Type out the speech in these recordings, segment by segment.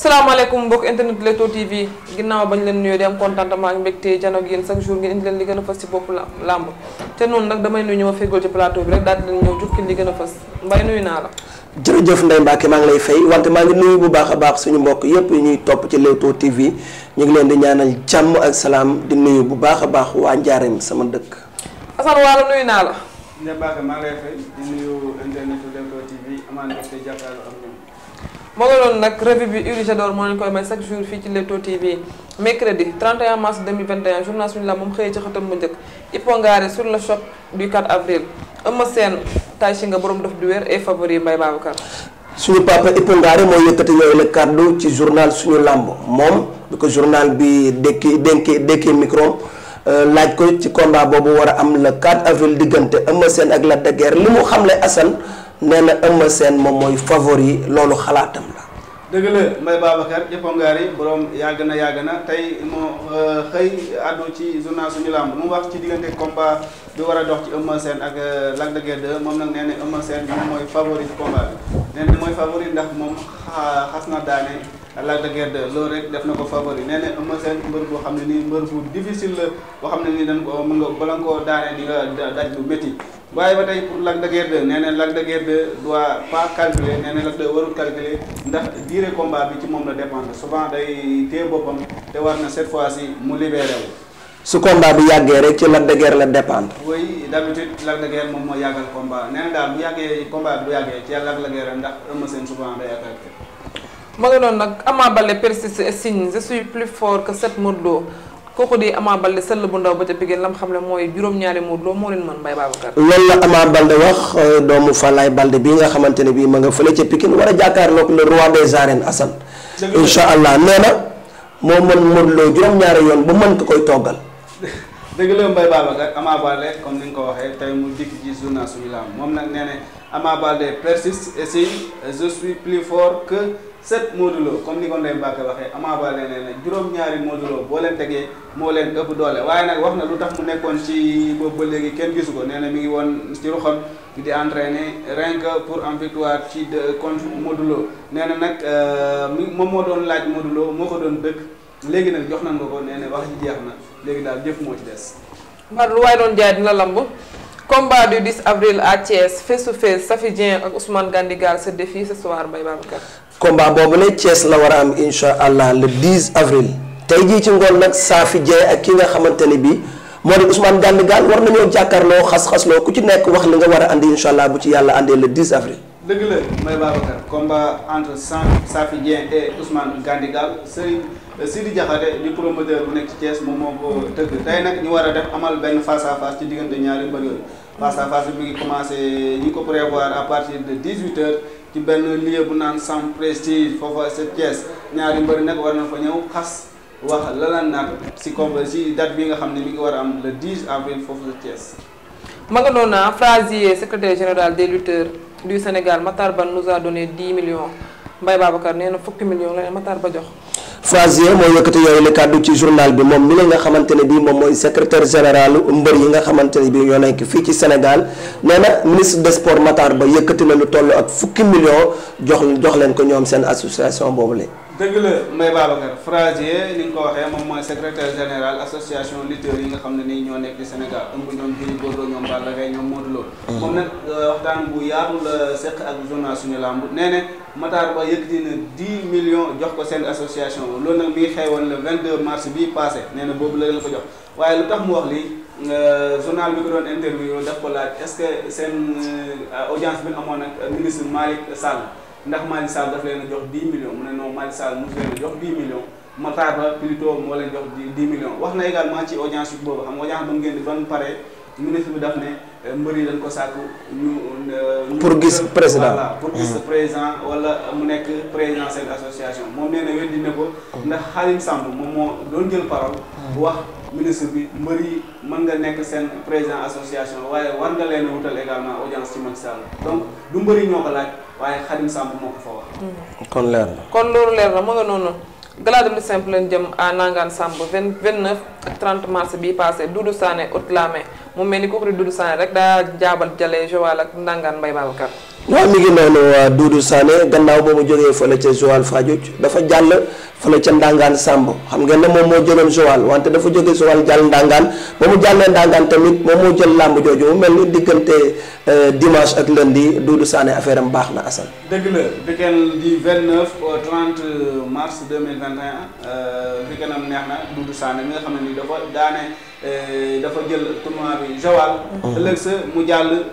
salaamaaleykum mbokk internet Leewtoo TV ginnaaw bañ leen nuyoo di am contentement ak mbégte janoog yéen chaque jour ngeen indi li gën a fës ci bopp làmb te noonu nag damay nuyu ñëw feggool ci plateau bi rek daal di leen ñëw jukki li gën a fës mbay nuyu naa la jërëjëf Ndeye Mbacke maa ngi lay fay wante maa ngi nuyu bu baax a baax suñu mbokk yépp ñuy topp ci Leewtoo TV ñu ngi leen di ñaanal jàmm ak salaam di nuyu bu baax a baax waa Njaareem sama dëkk Assane Waalo nuyu naa la Ndeye maa ngi lay fay di nuyu internet moo ko doon nag revue bi Urijador moo leen koy may chaque jour fii ci Leewtoo TV mercredi 31 mars 2021 journal suñu la moom xëyee ci xëtam bu njëkk Ipongaare sur le choc du 4 avril Eumeu Sène tay si nga favori Mbaye Babacar suñu papa Ipongaare moo yëkkati yooyu la kàddu ci journal suñu làmb moom bi ko journal bi dékki dénki dékki micro euh, laaj ko ci combat boobu war a am le 4 avril diggante Eumeu seen ak la de Guiers li mu xamle Assane nee na Eumeu Sène moom mooy favori loolu xalaatam dëgg la Mbaye Babacar Diaponghary borom yàgg na yàgg na tey moo euh, xëy àddu ci journal suñu làmb mu wax ci diggante combat bi war a dox ci Eumeu Sène ak euh, Lac de Guiers 2 moom nag nee na Eumeu Sène moom mooy favori ci combat bi nee na mooy favori ndax moom xas na daane Lac de Guiers rek def na ko favori nee na Eumeu Sène mbër boo xam ne nii mbër bu difficile la boo xam ne nii dañ ko mu nga bala nga koo daane di nga daj waaye ba tey pour Lac de Guiers 2 nee na de Guiers 2 doit pas calculer nee na de warul calculer ndax durée combat bi ci moom la dépendre souvent day téye boppam te war na cette fois si mu libéré wu. su combat bi yàggee rek ci Lac de Guiers la dépendre. oui d'habitude Lac de Guiers moom mooy yàggal combat nee na daal bu yàggee combat bi du yàggee ci Lac de Guiers ndax Eumeu Sène souvent day attaqué. ma nga noonu nag Ama Baldé persiste et signe je suis plus kooku di Ama Baldé sëll bu ndaw ba ca Pikine lam xam ne mooy juróom-ñaari Modou Lo moo leen mën Mbaye Babacar loolu la Ama Baldé wax euh, doomu Falaye Baldé bi nga xamante ne bii ma nga fële ca Pikine war a jàkkaarloog le roi des arènes Assane incha allah nee moo mën Modou juróom-ñaari yoon ba mën ko koy toggal dëgg la Mbaye Babacar Ama Baldé comme ni nga ko waxee tey mu dikk ci journal suñu laam moom nag nee ne Ama Baldé persiste essaye plus sept Modou Lo comme ni ko Ndeye Mbacke waxee Ama Baldé nee na juróom-ñaari Modou boo leen tegee moo leen ëpp doole waaye nag wax na lu tax mu nekkoon ci boobu ba léegi kenn gisu ko nee na mi ngi woon ci ruxam di entraîner rien que pour am victoire ci contre Modou Lo nee na nag euh, moom moo doon laaj Modou moo ko doon dëkk léegi nag jox na ko ko nee na wax ji jeex na léegi daal jëf moo ci des. Mar lu waaye doon jaay dina lamb. combat du 10 avril a Thiès face to face Safi Dieng ak Ousmane Gandigal se défie ce soir Mbaye Babacar. combat boobu la Thiès la war a am incha allah le 10 ki nga xamante ne bii moo di Ousmane Gandigal war nañoo jàkkaarloo xas-xasloo ku ci nekk wax li nga war a andi incha bu ci yàlla andee le 10 avril. dëgg la Mbaye Babacar combat di promoteur bu nekk ci Thiès moom moo ko tëgg tey nag ñu war a def amal benn face à face ci diggante ñaari mbër yooyu face a face bi mu ngi commencé ko prévoir à partir de 18 heures. ci benn lieu bu naan sans prestige foofa sa Thiès ñaari mbër nag war na fa ñëw xas wax lalan naat si combat si date bi nga xam ne mi ngi war a am le 10 avril foofu sa Thiès. ma nga doon naa ah, Frazier secrétaire général des lutteurs du Sénégal Matar Ba nous a donné 10 millions Mbaye Babacar nee na fukki millions la ne Matar Ba jox. Fazier moo yëkkati yooyu la kàddu ci journal bi moom mi la nga xamante ne bii moom mooy secrétaire général mbër yi nga xamante ne bii ñoo nekk fii ci Sénégal nee na ministre de sports Matar Ba yëkkati na lu toll ak fukki million jox jox leen ko ñoom seen association boobu la dëgg la Mbaye Babacar Frazier ni nga ko waxee moom mooy secrétaire général association lutteurs yi nga xam ne ni ñoo nekk di Sénégal ëmb ñoom Gris Bordeaux ñoom Balla Gaye ñoom Modou Lo mm-hmm. moom nag euh, waxtaan bu yaatu la seq ak journal suñu lamb nee ne Matar Ba yëkkati na 10 millions jox ko seen association loolu nag mi ngi xewoon le 22 mars bi passé nee na boobu la la ko jox waaye lu tax mu wax lii euh, journal bi ko doon interview daf ko laaj est-ce que seen euh, audience bi amoon ak ministre Malick Sall ndax Malick Sall daf leen a jox 10 millions mu ne non Malick Sall mos leen a jox 10 millions Matar Ba plutôt moo leen jox 10 millions wax na également ci audience boobu xam nga audience ba ngeen di ban pare ministre bi daf ne euh, mbër yi dañ ko sàkku ñu. Euh, pour gis président pour gis mm-hmm. président wala mu nekk président seen association moom nee na weddi ne ko. Mm-hmm. ndax Xalim Samb moom moo doon jël parole mm-hmm. wax. ministre bi mbër mën nga nekk seen président association waaye war nga leen wutal également audience ci Macky Sall donc du mbëri ñoo ko laaj waaye Khadim Samb moo ko fa wax. Mm. kon leer na. kon loolu leer na mu nga noonu. gala dem lu simple leen jëm à Nangaan Samb vingt vingt neuf ak trente mars bii passé Doudou Sané haute la main mu mel ni kooku di Doudou Sané rek daa jaabal jale Joal ak Nangaan Mbaye Babacar. waaw mi ngi noonu Doudou Sané gannaaw ba mu jógee fële ca Joal Fadiouth dafa jàll fële ca Ndangaan Samb xam ngeen ne moom moo jëloon Joal wante dafa jóge Joal jàll Ndangaan ba mu jàllee Ndangaan tamit moom moo jël làmb jooju mu mel ni diggante euh, dimanche ak lundi Doudou Sané baax na Assane. dëgg la weekend du 29 au 30 mars 2021 euh, am neex na Doudou euh, dafa jël tournoi bi Joal. Mm-hmm. ëllëg sa mu jàll.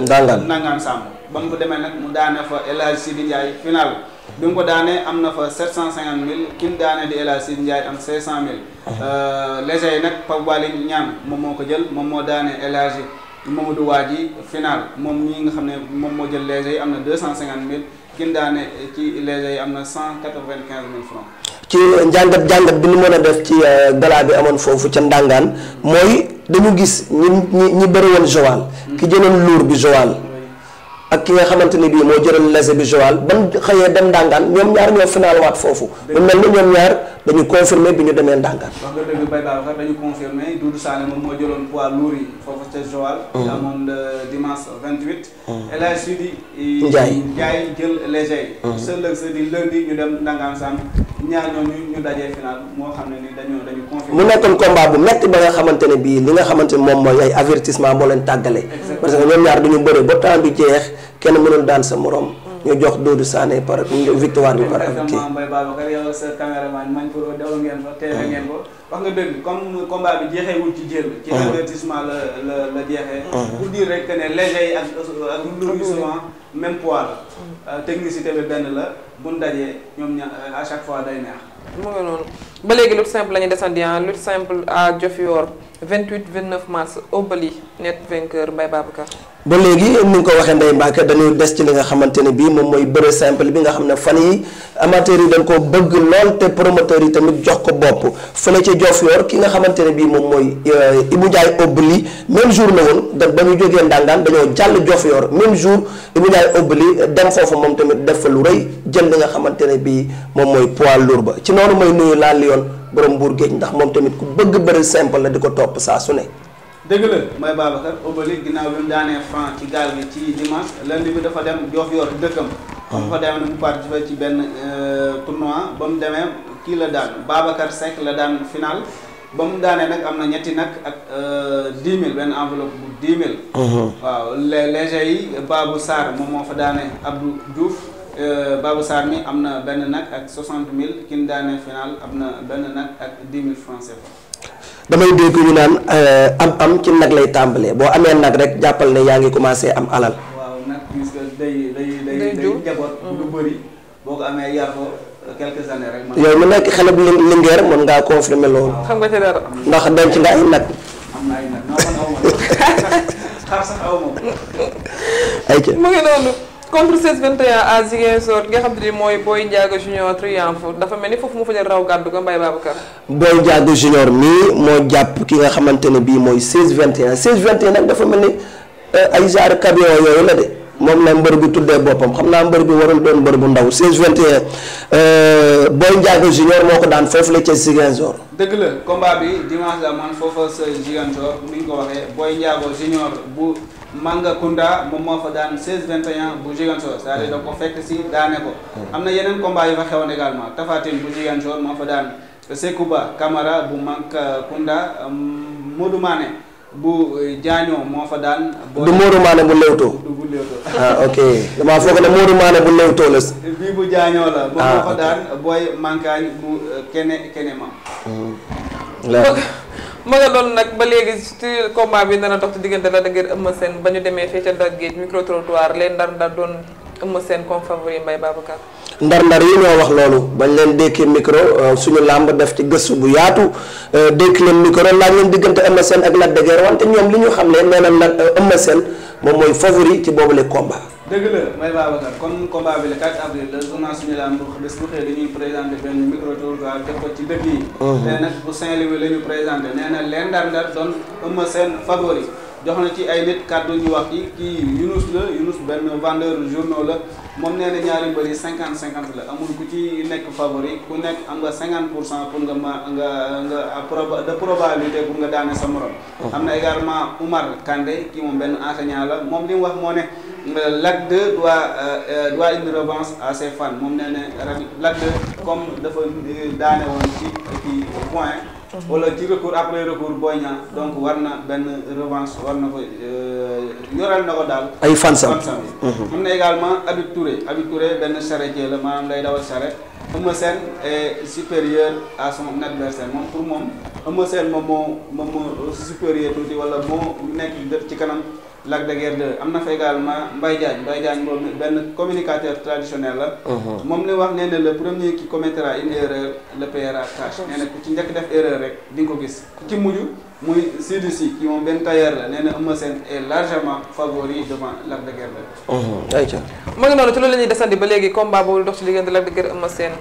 Ndangaan Ndangaan Samb. ba mu demee nag mu daane fa El Hadj Sidi Ndiaye final bi mu ko daanee am na fa cent mille ki mu daanee di El Hadj Sidi Ndiaye am 500 mille. Euh, léger yi nag Pape Waly Niang moom moo ko jël moom moo daanee El Hadj Mamadou Wadji final moom ñi nga xam ne moom moo jël léger yi am na 250 mille ki mu daanee ci léger yi am na 195 mille francs. ci njàngat njàngat bi ñu mën a def ci euh, gala bi amoon foofu ca Ndangaan mooy dañu gis ñi ñi ñi bëri woon hmm. ki jëloon luur bi Joal. ak ki nga xamante ni bii moo jëral lase bi Joal ban xëyee dem ndàngaan ñoom ñaar ñoo final waat foofu. mu mel ni ñoom ñaar dañu confirmé bi ñu demee ndàngaan. wax nga dëgg Baye Babacar dañu confirmé Doudou Sané moom moo jëloon poids lourd yi foofu ca Joal. Mm. amoon le dimanche 28. Mm. El Hadj Sidi. Ndiaye Ndiaye jël léger. sa lëg lundi ñu dem ndàngaan sànq. ñaar ñooñu ñu dajee final moo xam ne ni dañoo dañu confirmé. mu nekkoon combat bu metti ba nga xamante ne bii li nga xamante ne moom mooy ay avertissement boo leen tàggale. parce que ñoom ñaar du ñu bëre ba temps bi jeex kenn mënul daan sa morom. Mm. ñu jox Doudou Sané par victoire bi par averti. Mbaye Babacar yow sa caméraman man pour daw ngeen ko teewe ngeen ko wax nga dëgg comme combat bi jeexeewul ci jël. ci mm. avertissement la la la jeexee. Mm. pour dire rek que ne léger yi ak ak lu même pois la. Euh, technicité bi benn la bu ñu dajee ñoom ña euh, chaque fois day neex. mu ngi noonu ba léegi lutte simple la ñuy desandi ah lutte simple à Diofior 28 29 mars Obali net vainqueur Mbaye Babacar. ba léegi ni ngi ko waxee Ndeye Mbacke dañuy des ci li nga xamante ne bii moom mooy bëre simple bi nga xam ne fan yi amateurs yi dañ ko bëgg lool te promoteurs yi tamit jox ko bopp fële ci Diofior ki nga xamante ne bii moom mooy euh, Ibou Ndiaye Obli même jour la woon da ba ñu jógee Ndangaan dañoo jàll Diofior même jour Ibou Ndiaye Obli dem foofu moom tamit def fa lu rëy jël li nga xamante ne bii moom mooy poids lourd ba ci noonu mooy nuyu laal yoon borom Mbour Géej ndax moom tamit ku bëgg bëre simple la di ko topp saa su ne. dëgg la mooy Babacar Obali ginnaaw bi mu daanee franc ci gaal gi ci dimanche lundi bi dafa dem Diof yor dëkkam. xam fa demee mu participer ci benn euh, tournoi ba mu demee kii la daan Babacar Seck la daan final ba mu daanee nag am na ñetti nag ak 10 euh, 000 benn enveloppe bu 10 000. Uh-huh. waaw les léger yi Babou Sarr moom moo fa daanee Abdou Diouf euh, Babou Sarr mi am na benn nag ak 60 000 ki mu daanee final am na benn nag ak 10 000 francs CFA. damay dégg ñu naan euh, am am ci nag lay tàmbalee boo amee nag rek jàppal na yaa ngi commencé am alal. waaw nag gis nga day mm. ko amee yow mu nekk xale bu lingeer mën ngaa confirmer loolu. xam nga ndax denc nga ay nag. na mu ngi noonu. contre 16 21 à Ziguinchor nga xam te ni mooy Boy Ndiago Junior triomphe dafa mel ni foofu mu fa jël raw gàddu ga Mbaye Babacar. Boy Ndiago Junior mii moo jàpp ki nga xamante ne bii mooy 16 21 16 21 nag dafa mel ni euh, ay genre camion yooyu la de moom la mbër bi tuddee boppam xam naa mbër bi warul doon mbër bu ndaw 16 21 euh, Boy Ndiago Junior moo ko daan foofu la ca Ziguinchor. dëgg la ko waxee Boy Ndiago Mangakunda moom moo fa daan 16 21 bu Ziguinchor c'est-à-dire ko fekk si daane ko hmm. am na yeneen combat yu fa xewoon également Tafatine bu Ziguinchor moo fa daan Sekouba Kamara bu Mangakunda Modou Mané bu Diagno moo fa daan du Modou Mané bu Leewtoo du bu Leewtoo ah, ok damaa foog ne Modou bu Leewtoo la bii bu Diagno la moom ah, moo fa daan booy Mankaañ bu kene kene ma hmm. ma nga doon nag ba léegi ci combat bi dana dox ci diggante la da ngeen ëmma seen ba ñu demee fii ca Ndar Géej micro trottoir leen ndar ndar doon ëmma seen comme favori Mbaye Babacar ndar-ndar yi ñoo wax loolu bañ leen dékkee micro euh, suñu làmb def ci gëstu bu yaatu euh, dékk leen micro laaj leen diggante Eumeu seen ak Lac de Guiers wante ñoom li ñu xam ne nee na nag seen euh, Sène moom mooy favori ci boobule combat dëgg la may Babacar comme combat bi le 4 avril la journal suñu lamb bés bu xëy dañuy présenté benn micro tour quoi def ko ci dëkk yi. tey nag bu Saint-Louis la ñu présenté nee na leen ndar ndar doon ëmma seen favori jox na ci ay nit kàddu ñu wax yi kii Younous la Younous benn vendeur journaux la moom nee na ñaari mbër cinquante cinquante la amul ku ci nekk favori ku nekk am nga cinquante pour cent pour nga ma nga nga de probabilité pour nga daane sa morom. am na également Oumar Kandé kii moom benn enseignant la moom li wax moo ne. Lac 2 doit euh, euh, doit une revanche à ses fans moom nee na rabi Lac comme dafa euh, daane woon ci kii point mhm. wala ci recours après recours Boy donc war na benn revanche war na ko yoral euh, na ko daal ay fansam fansam yi mhm. am na également Habib Touré benn charretier la maanaam lay dawal charrette Eumeu Sène est supérieur à son adversaire moom pour moom Eumeu seen moom moo moom moo supérieur tuuti wala moo nekk def ci kanam Lac de Guiers 2 am na fa également Mbaye Diagne Mbaye Diagne moom benn communicateur traditionnel la. Uh-huh. moom li wax nee na le premier qui commettra une erreur le paiera cash. nee na ku ci njëkk def erreur rek di nga ko gis. ku ci mujj muy Sidi Si ki moom benn tailleur la nee na Eumeu Sène est largement favori devant Lac de Guiers 2. Uh-huh. ayca. ngi noonu ci loolu la ñuy ba léegi combat boobu dox ci diggante Lac de Guiers Eumeu Sène.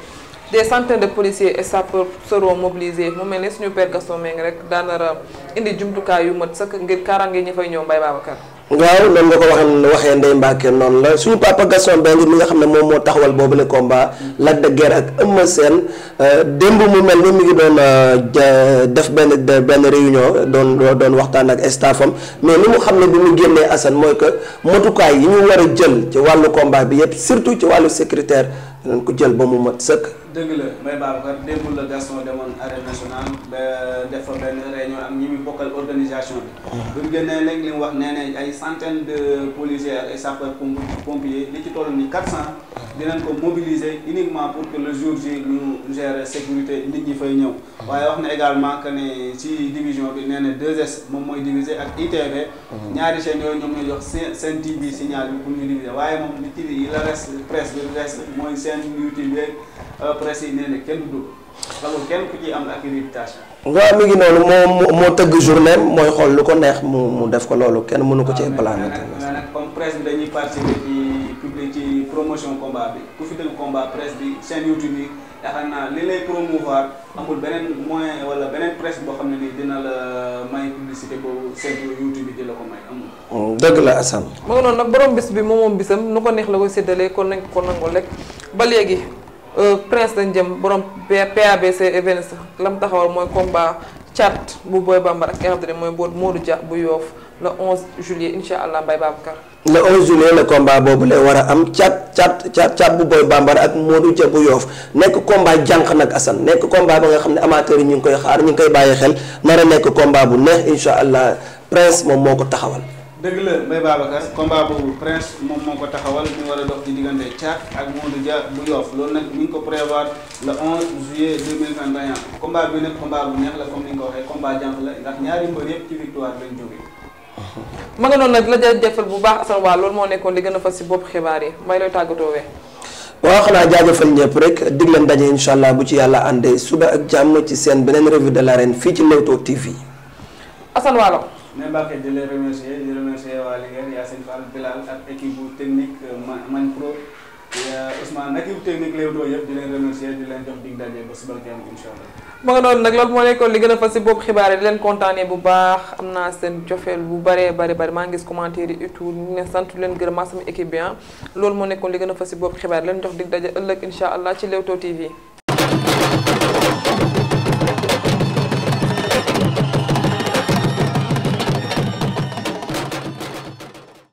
des centaines de policier et sapeurs seront mobilisés mu mel ne suñu père Gaston Mbengue rek daanara indi jumtukaay yu mat sëkk ngir kaaraange ñi fay ñëw Mbaye Babacar. waaw noonu nga ko waxee waxee Ndeye Mbacke noonu la suñu papa Gaston Mbengue mi nga xam ne moom moo taxawal boobu le combat Lac de Guiers ak Eumeu Sène euh, démb mu mel ni mi ngi doon euh, def benn benn réunion doon doon waxtaan ak staffam mais li mu xam ne bi mu génnee Assane mooy que motukaay yi ñu war a jël ci wàllu combat bi yépp surtout ci wàllu secrétaire nañ ko jël ba mu mat sëkk. dëgg la may Babacar démb la Gaston demoon arène nationale ba def fa benn réunion ak ñi muy bokkal organisation bi. Mm-hmm. bu ñu génnee léegi li mu wax nee nañ ay centaine de policiers ak ay sapeurs li ci toll ni quatre cent. Mm-hmm. dinañ ko mobiliser uniquement pour que le jour J ñu sécurité nit ñi fay ñëw. Mm-hmm. waaye wax na également que ne ci division bi nee na 2 moom mooy diviser ak ITV. ñaari chaînes yooyu ñoom ñooy jox seen seen TV signal bi pour ñu diviser waaye moom li ci la seen Euh, presse yi nee na kenn du xamul kenn ku ciy am accréditation. waaw mi ngi noonu moo moo tëgg journée mooy xool lu ko neex mu mu def ko loolu kenn mënu ko ci planète. waaw nag comme presse bi dañuy ci public ci promotion combat bi ku fi dégg combat presse bi seen YouTube yi yaakaar naa li lay promouvoir beneen moyen wala beneen presse boo xam ne ni dina la euh, may publicité boobu seen YouTube di la ko may amul. Mm, dëgg la Assane. moo ngi noonu nag borom bis bi moom moom bisam nu ko neex la koy séddalee kon nañ ko nangoo lekk ba léegi. Euh, prince dañ jëm borom PABC events la mu taxawal mooy combat chat bu Boy Bambara ak ki nga xam ne mooy mboot Modou Dia bu Yoof le 11 juillet incha allah Mbaye Babacar. le 11 juillet boobu lay war a am cat cat cat cat bu Boy Bambara ak Modou Dia bu Yoof nekk combat jànq nag Assane nekk combat ba nga xam ne amateurs yi ñu ngi koy xaar ñu ngi koy bàyyi xel nar a nekk combat bu neex incha allah prince moom moo ko taxawal. dëgg la Mbaye Babacar combat boobu prince moom moo ko taxawal ñu war a dox ci diggante Thiat ak Modou Dia bu Yoff loolu nag mi ngi ko prévoir bi nag combat bu la comme ni nga ko waxee combat jànq la ndax ñaari mbër yëpp ma nga noonu nag la jaajëfal bu baax asal waalo loolu moo nekkoon li gën a fas si bopp xibaar yi may looy tàggatoo wee waaw xanaa jaajëfal ñëpp rek dig leen daje incha allah bu ci yàlla àndee suba ak jàmm ci seen beneen revue de la ren fii ci Leewtoo TV. Assane Waalo mais Mbacké di la remercier di remercier waa Linguère yaa seen Fall Bilal ak équipe bu technique euh, Man Pro euh, Ousmane nag équipe technique Leewtoo yëpp di leen remercier di leen jox dig daje ba suba jàmm incha allah. ma nga noonu nag loolu moo nekkoon li gën a fas si boobu xibaar yi di leen kontaanee bu baax am naa seen cofeel bu bëree bëri bëri maa ngi gis commentaire yi ne sant leen gërëm sama équipe bi ah. loolu moo nekkoon li gën a fas si boobu xibaar yi leen jox dig daje ëllëg incha allah ci Leewtoo TV.